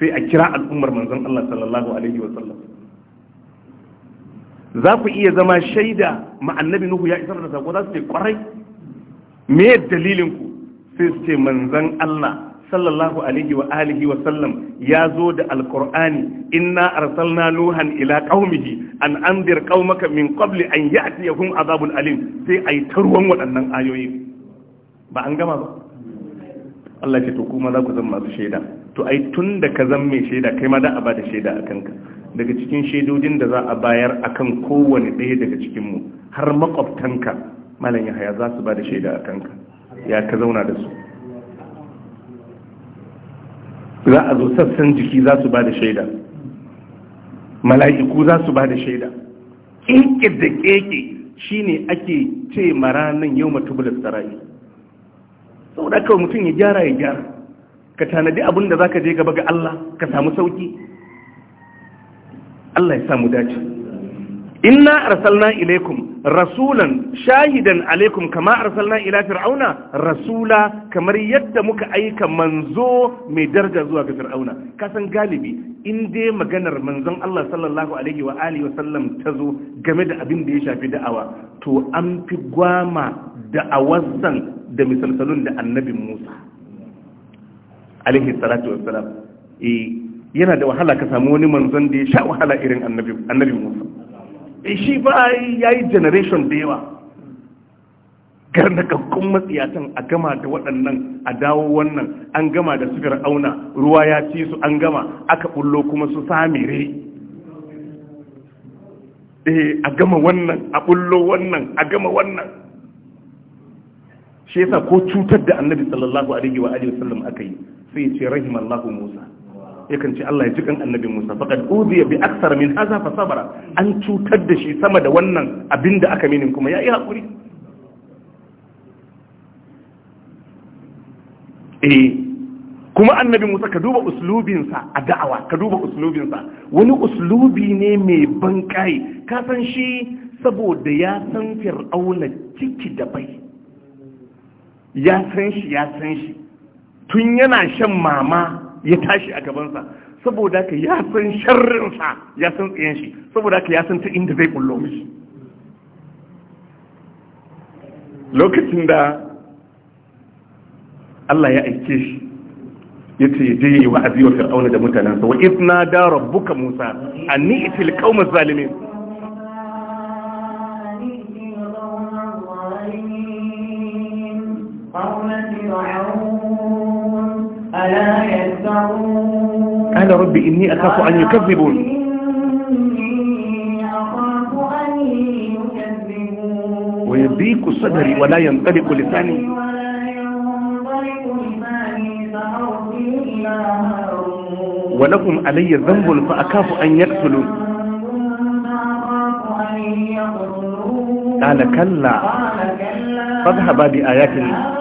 sai a kira al'ummar manzon Allah sallallahu alaihi wa sallam za ku iya zama shaida ma annabi nuhu ya isar da sako za su ce kwarai me dalilin ku sai su ce manzan Allah sallallahu alaihi wa alihi wa sallam ya zo da alqur'ani inna arsalna nuhan ila qaumihi an anzir qaumaka min qabli an ya'tiyahum azabun alim sai ai tarwan waɗannan ayoyi ba an gama ba Allah ce to kuma za ku zama masu shaida to ai tun da ka zan mai shaida kai ma da a bada shaida a kanka daga cikin shaidodin da za a bayar akan kowane ɗaya daga cikinmu har makwabtanka malam yahaya za su ba da shaida a kanka ya ka zauna da su za a zo sassan jiki za su ba da shaida mala'iku za su ba da shaida keke da keke ne ake ce maranin yau matubular Sau da kawai mutum ya gyara ya gyara ka tanadi abin da za ka je gaba ga Allah ka samu sauki Allah ya samu dace inna arsalna ilaikum rasulan shahidan alaikum kama arsalna ila fir'auna rasula kamar yadda muka aika manzo mai daraja zuwa ga fir'auna kasan galibi in dai maganar manzon Allah sallallahu alaihi wa alihi wa sallam tazo game da abin da ya shafi da'awa to an fi gwama da'awarsan da misalsalun da annabi Musa alaihi salatu wassalam eh yana da wahala ka samu wani manzon da ya sha wahala irin annabi annabi Musa Eh, shi ba ya yi generation da yawa garnakakkun matsiyatan a gama da waɗannan a dawo wannan an gama da su auna ruwa ya ci su an gama aka bullo kuma su samire eh a gama wannan a bullo wannan a gama wannan shi yasa ko cutar da annabi sallallahu alaihi wa alihi wasallam aka yi sai ce rahimallahu musa yakan ce Allah ya ji kan annabi Musa faqad udiya bi akthar min hadha fa sabara an cutar da shi sama da wannan abinda aka mini kuma ya yi hakuri eh kuma annabi Musa ka duba uslubinsa a da'awa ka duba uslubinsa wani uslubi ne mai bankai ka san shi saboda ya san fir'auna ciki da bai ya san shi ya san shi tun yana shan mama ya tashi a gabansa saboda ka ya san sharrinsa ya san tsayen shi saboda ka ya san ta inda zai kullo mishi lokacin da Allah ya aike shi ya ce ya je yi wa'azi wa fir'auna da mutanensa wa izna da rabbuka musa anni itil qaumaz zalimin قوم فرعون ألا قال رب إني أخاف أن يكذبون ويضيق صدري ولا ينطلق لساني ولهم علي ذنب فأخاف أن يقتلون قال كلا فاذهبا بآياتنا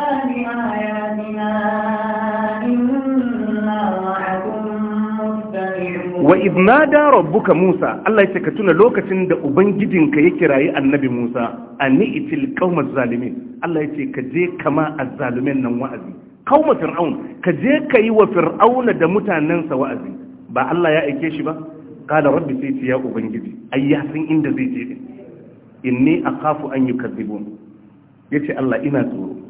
wa da rabbuka Musa Allah ya ka tuna lokacin da ubangijinka ya kirayi annabi Musa ani itil qaumaz zalimin Allah ya ce ka je kama azzalumin nan wa'azi qauma fir'aun ka je kai wa fir'auna da sa wa'azi ba Allah ya aike shi ba qala rabbi sai ya ubangiji ai ya san inda zai je din inni akhafu an yukadzibun yace Allah ina tsoro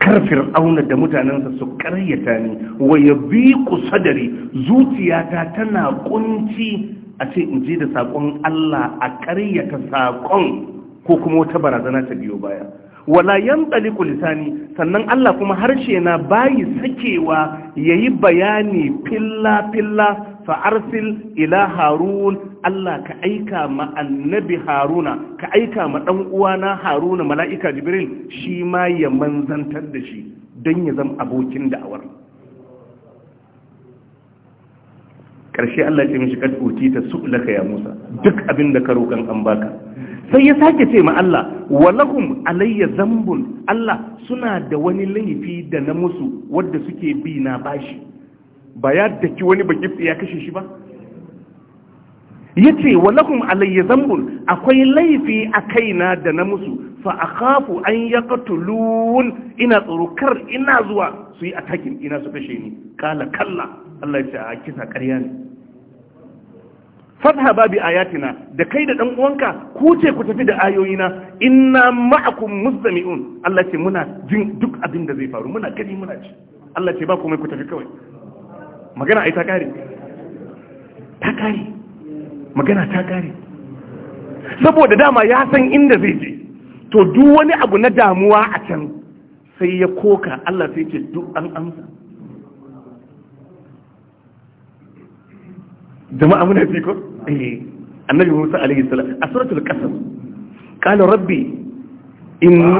kar auna da mutanensa su karyata ni wa ya bi ku sadari zuciyata tana kunci a ce in je da saƙon Allah a karyata saƙon ko kuma wata barazana ta biyo baya wala yan ku lisani sannan Allah kuma harshe na bayi sakewa ya yi bayani filla filla fa arsil ila harun Allah ka aika ma annabi Haruna ka aika ma dan uwana Haruna mala'ika Jibril shi ma ya manzantar da shi don ya zama abokin da'awar karshe Allah ce mishi ta su laka ya Musa duk abin da ka rokan an baka sai ya sake ce ma Allah walahum alayya zambun Allah suna da wani laifi da na musu wadda suke bi na bashi ba ya daki wani baki ya kashe shi ba Ya yace walahum alayya zambun akwai laifi a kaina da na musu fa kafu an yaqtulun ina tsorokar ina zuwa su yi takin ina su fashe ni kala kalla Allah ya ce a kisa karya ne fata babi yatina da kai da ɗan’uwanka uwanka ku ce ku tafi da ayoyina ina ma’akun mustami'un Allah ce muna jin duk abin da zai faru muna gani muna ci Allah ce ba komai ku tafi kawai magana ai ta kare ta kare magana ta kare saboda dama ya san inda zai je to duk wani abu na damuwa a can sai ya koka Allah sai ce duk an amsa jama'a muna fi ko eh annabi Musa alaihi salam a suratul qasas qala rabbi inni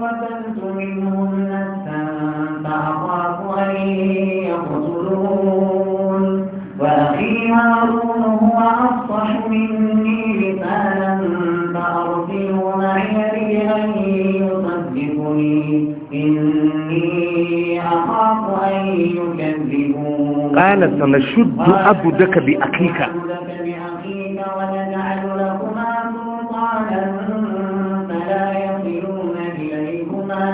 قتلت منهم نفسا فأخاف أن يقتلون وأخي هارون هو أفصح مني لسانا فأرسله معي رجلا يصدقني إني أخاف أن يكذبون قال سنشد عبدك بأخيك ونجعل لكما سلطانا فلا يصلون إليكما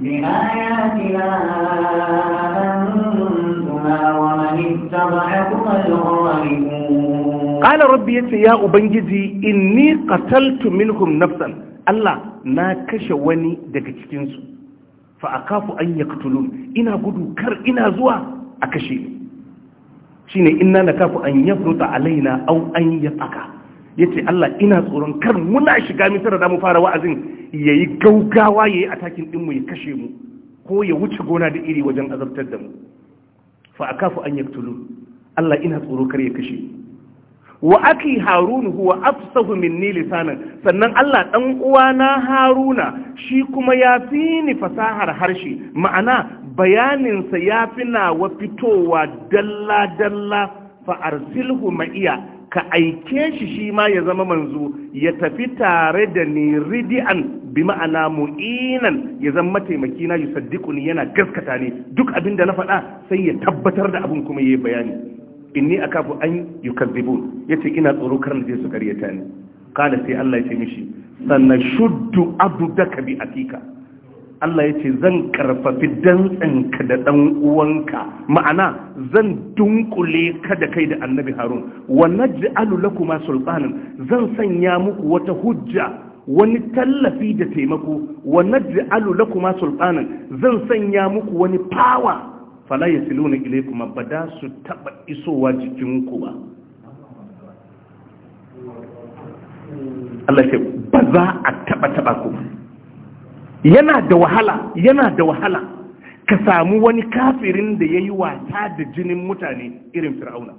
بآياتنا قال ربي يا أبنجدي إني قتلت منهم نفسا الله نا كشواني دكتكينس فأخاف أن يقتلون إنا قدو كر إنا زوا أكشي شيني إنا نكاف أن يفرط علينا أو أن يطقى yace Allah ina tsoron kar muna shiga misara da mu fara wa'azin yayi gaugawa yayi atakin din mu ya kashe mu ko ya wuce gona da iri wajen azabtar da mu fa akafu an yaktulu Allah ina tsoro kar ya kashe wa aki harun huwa afsahu minni lisanan sannan Allah dan uwana haruna shi kuma ya fi ni fasahar harshe ma'ana bayanin sa ya fi wa fitowa dalla dalla fa arsilhu ma'iya ka aike shi shi ma ya zama manzo ya tafi tare da ni ridi'an bi ma'ana mu'inan ya zama mataimaki na ni yana gaskata ne duk abin da na faɗa sai ya tabbatar da abin kuma yayi bayani inni akafu an yukazzibun yace ina tsoro kar na je su karyata ni kana sai Allah ya ce mishi shuddu abdaka bi atika Allah ya ce zan karfafi dantsanka da ɗan uwanka ma'ana zan dunkule ka da kai da annabi harun wannan ji'alu lakuma sultanin zan sanya muku wata hujja wani tallafi da taimako wannan ji'alu lakuma sultanin zan sanya muku wani fawa fala ya siluna kuma ba da su taɓa isowa jikinku ba Allah ce ba za a taɓa taɓa ku yana da wahala yana da wahala ka samu wani kafirin da ya yi wasa da jinin mutane irin fir'auna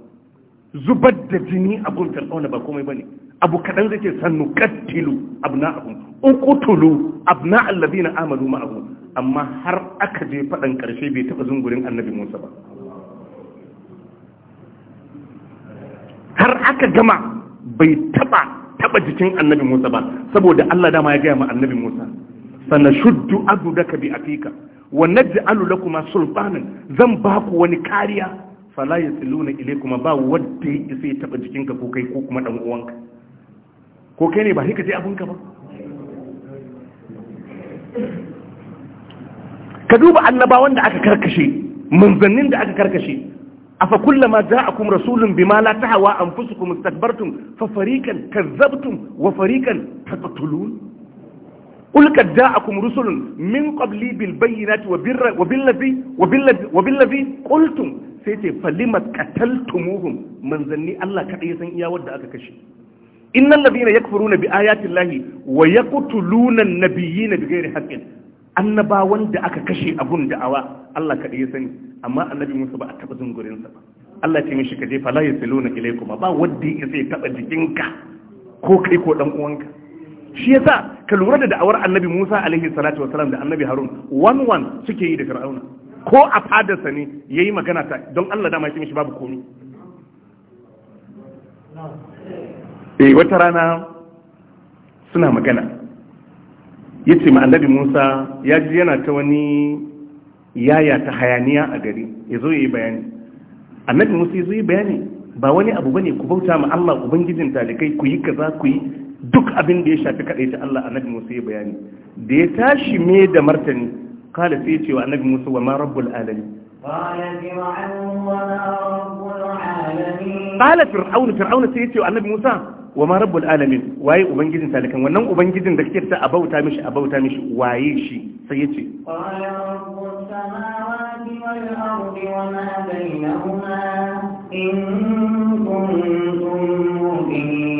zubar da jini abun fir'auna ba komai ba ne abu kaɗan zai ce sannu kattilu abna abu ukutulu abna allabi na amalu ma abu amma har aka je faɗan ƙarshe bai taɓa zungurin annabi musa ba har aka gama bai taɓa taɓa jikin annabi musa ba saboda allah dama ya gaya ma annabi musa sanashuddu agudaka bi afika wa naj'alu kuma sultanan zan ba ku wani kariya fala yasiluna ilaykuma ba wanda yake sai taba jikinka ko kai ko kuma dan uwanka ko ne ba hika je abunka ba ka duba annabawan da aka karkashe manzannin da aka karkashe afa kullama ja'akum rasulun bima la tahawa anfusukum istakbartum fa fariqan kazzabtum wa fariqan taqtulun قل قد جاءكم رسل من قبلي بالبينات وبالر وبالذي وبالذي وبالذي قلتم سيتي فلما قتلتموهم من ذني الله كأي سن يا ود أكا كشي إن الذين يكفرون بآيات الله ويقتلون النبيين بغير حق annabawan da aka kashe abun da'awa Allah kaɗai sani amma annabi Musa ba a taɓa zungurinsa ba Allah ce mishi ka je fala ya siluna ilaikum ba wanda ya sai taɓa jikinka ko kai ko dan uwanka shi yasa ka lura da da'awar annabi Musa alaihi salatu wasalam da annabi Harun wan-wan suke yi da Fir'auna ko a fadarsa ne yayi magana ta don Allah dama ya mishi babu komi eh wata rana suna magana yace ma annabi Musa ya ji yana ta wani yaya ta hayaniya a gari ya zo yayi bayani annabi Musa ya zo yi bayani ba wani abu bane ku bauta ma Allah ubangijin talikai ku yi kaza ku yi duk abin da ya shafi kaɗai ta Allah annabi Musa ya bayani da ya tashi me da martani kala sai ce wa annabi Musa wa ma rabbul alamin kala fir'aun fir'aun sai ya ce wa annabi Musa wa ma rabbul alamin waye ubangijin talakan, wannan ubangijin da kake ta abauta mishi abauta mishi waye shi sai ya ce qala rabbus samawati wal ardi wa ma bainahuma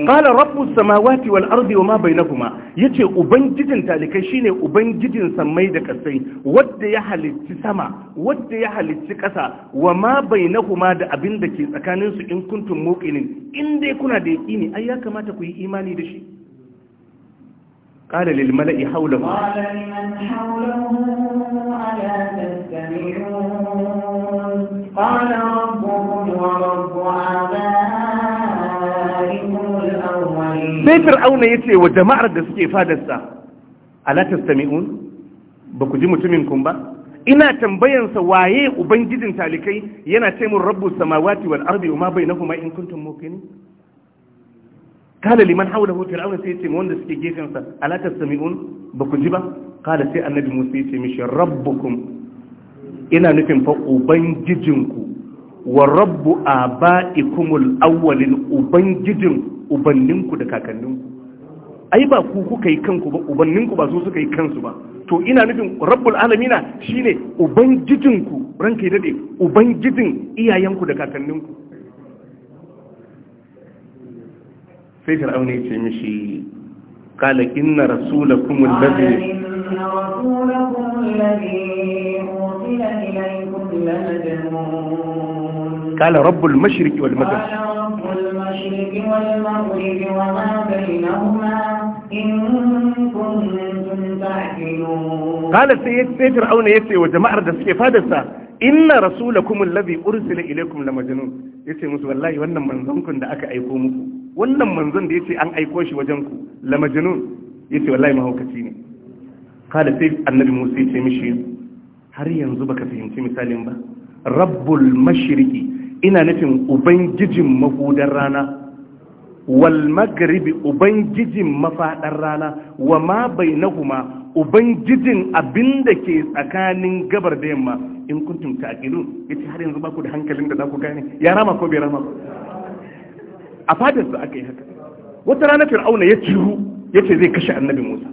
Ƙala rabu samawati wal ardi wa ma bainahuma yace ubangijin talikai shine ubangijin samai da ƙasai, wanda ya halicci sama wanda ya halicci kasa wa ma bainahuma da abin da ke tsakanin su in kuntum muqinin in dai kuna da yaqini ai ya kamata ku yi imani da shi قال للملأ حوله قال لمن حوله ألا تستمعون قال ربكم ورب آبائكم الأولين sai fir'auna ya ce wa jama'ar da suke fadarsa ala tastami'un ba ku ji mutumin kun ba ina tambayansa waye ubangijin talikai yana ce min rabbu samawati wal ardi wa ma bainahuma in kuntum muqinin kala liman hawlahu fir'auna sai yace wanda suke gefen sa ala tasmi'un ba ku ji ba kala sai annabi Musa yace mishi rabbukum ina nufin fa ubangijinku wa rabbu aba'ikumul awwalin ubangijin ubanninku da kakanninku ai ba ku kuka yi kanku ba ubanninku ba su suka yi kansu ba to ina nufin rabbul alamina shine ubangijinku ranka yi dade ubangijin iyayenku da kakanninku sai fir'auna ya ce mishi قال إن رسولكم الذي قال إن رسولكم الذي أرسل إليكم لمجنون قال رب المشرق والمغرب قال رب المشرق والمغرب وما بينهما إن كنتم تعقلون قال سيد فرعون يسي وجماعة دسكي فادسة inna إن رسولكم الذي أرسل إليكم لمجنون musu wallahi wannan وأنما من da دعك aiko wannan manzon da yace an aiko shi wajen ku la majnun yace wallahi mahaukaci ne kada sai annabi Musa yace mishi har yanzu baka fahimci misalin ba rabbul mashriqi ina nufin ubangijin mahudar rana wal magribi ubangijin mafadar rana wa ma bainahuma ubangijin abinda ke tsakanin gabar da yamma in kuntum ta'qilun yace har yanzu baku da hankalin da za ku gane ya rama ko bai rama a fadarsa aka yi haka wata rana fir'auna ya cihu ya ce zai kashe annabi musa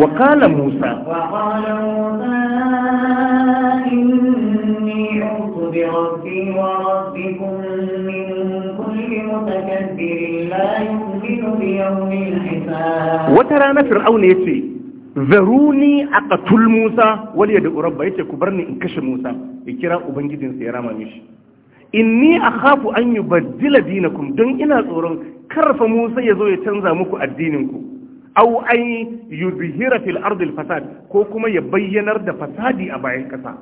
وقال موسى وقال موسى إني عوت بربي وربكم Wata rana يؤمن ya ce, وترانا a يتي zaruni aqtul musa wal yad'u rabba yace ku barni in kashe musa ya kira ubangijin ya rama mishi inni akhafu an yubaddila dinakum don ina tsoron karfa musa ya zo ya canza muku addinin ku aw an yuzhira fil ardi fasad ko kuma ya bayyanar da fasadi a bayan kasa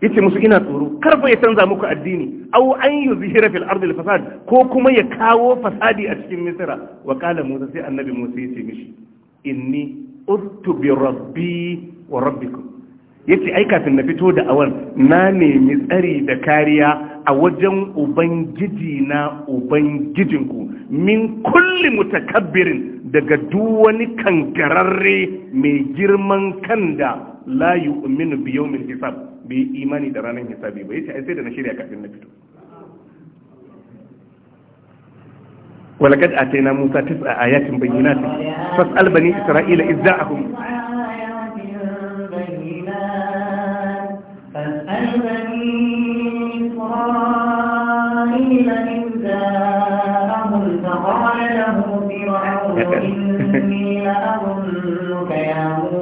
yace musu ina tsoro kar fa ya canza muku addini aw an yuzhira fil ardi al fasad ko kuma ya kawo fasadi a cikin misira. wa qala musa sai annabi musa yace mishi inni uttu bi rabbi wa rabbikum yace ai kafin na fito da awan na nemi tsari da kariya a wajen ubangiji na ubangijinku min kulli mutakabbirin daga duk wani kankararre mai girman kanda. da la yu'minu bi yawmil hisab bai yi imani da ranar hisabi ba yace ai sai da na shirya kafin na fito ولقد آتينا موسى تسع آيات بينات فاسأل بني إسرائيل إذ جاءهم فقال له فرعون إني لأظنك يا موسى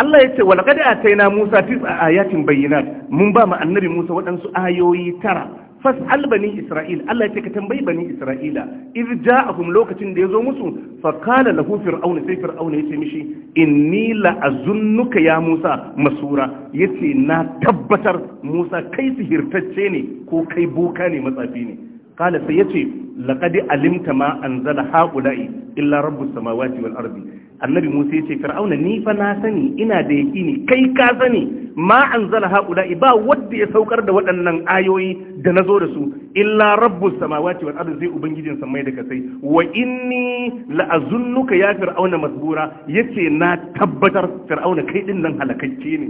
Allah ya ce walaqad atayna Musa tis'a ayatin bayyinat mun ba mu annabi Musa waɗansu ayoyi tara fas'al bani Isra'il Allah ya ce ka tambayi bani Isra'ila iz ja'ahum lokacin da yazo musu fa qala lahu fir'auna sai fir'auna ce mishi inni la azunnuka ya Musa masura yace na tabbatar Musa kai sihirtacce ne ko kai boka ne matsafi ne قال سيتي لقد علمت ما أنزل هؤلاء إلا رب السماوات والأرض annabi musa ya ce fir'auna ni fa na sani ina da ni, kai ka sani ma anzala haƙula, ba wanda ya saukar da waɗannan ayoyi da na zo da su illa rabbus samawati wal ardi zai ubangijin samai da kasai wa inni la azunnuka ya fir'auna masbura yace na tabbatar fir'auna kai din nan halakacce ne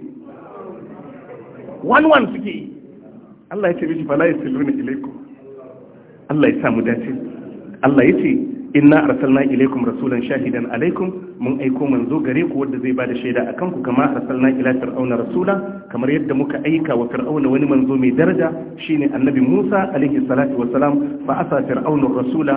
Wan, wan suke yi Allah ya ce mishi fala yasiluna ilaikum Allah ya samu dace Allah ya ce inna arsalna ilaikum rasulan shahidan alaikum mun aiko manzo gare ku wanda zai bada shaida akan ku kama arsalna ila fir'auna rasula kamar yadda muka aika wa fir'auna wani manzo mai daraja shine annabi Musa alaihi salatu wassalam fa asa fir'auna rasula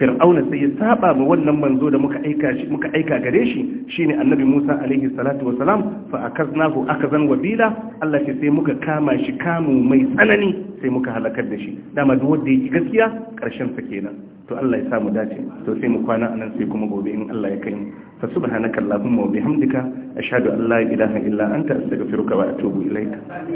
fir'auna sai ya saba ma wannan manzo da muka aika shi muka aika gare shi shine annabi Musa alaihi salatu wasalam fa akaznahu akazan wabila Allah ce sai muka kama shi kamu mai tsanani sai muka halakar da shi dama duk wanda yake gaskiya karshen sa kenan to Allah ya samu dace to sai mu kwana a nan sai kuma gobe in Allah ya kai mu fa allahumma wa bihamdika ashhadu an la ilaha illa anta astaghfiruka wa atubu ilaik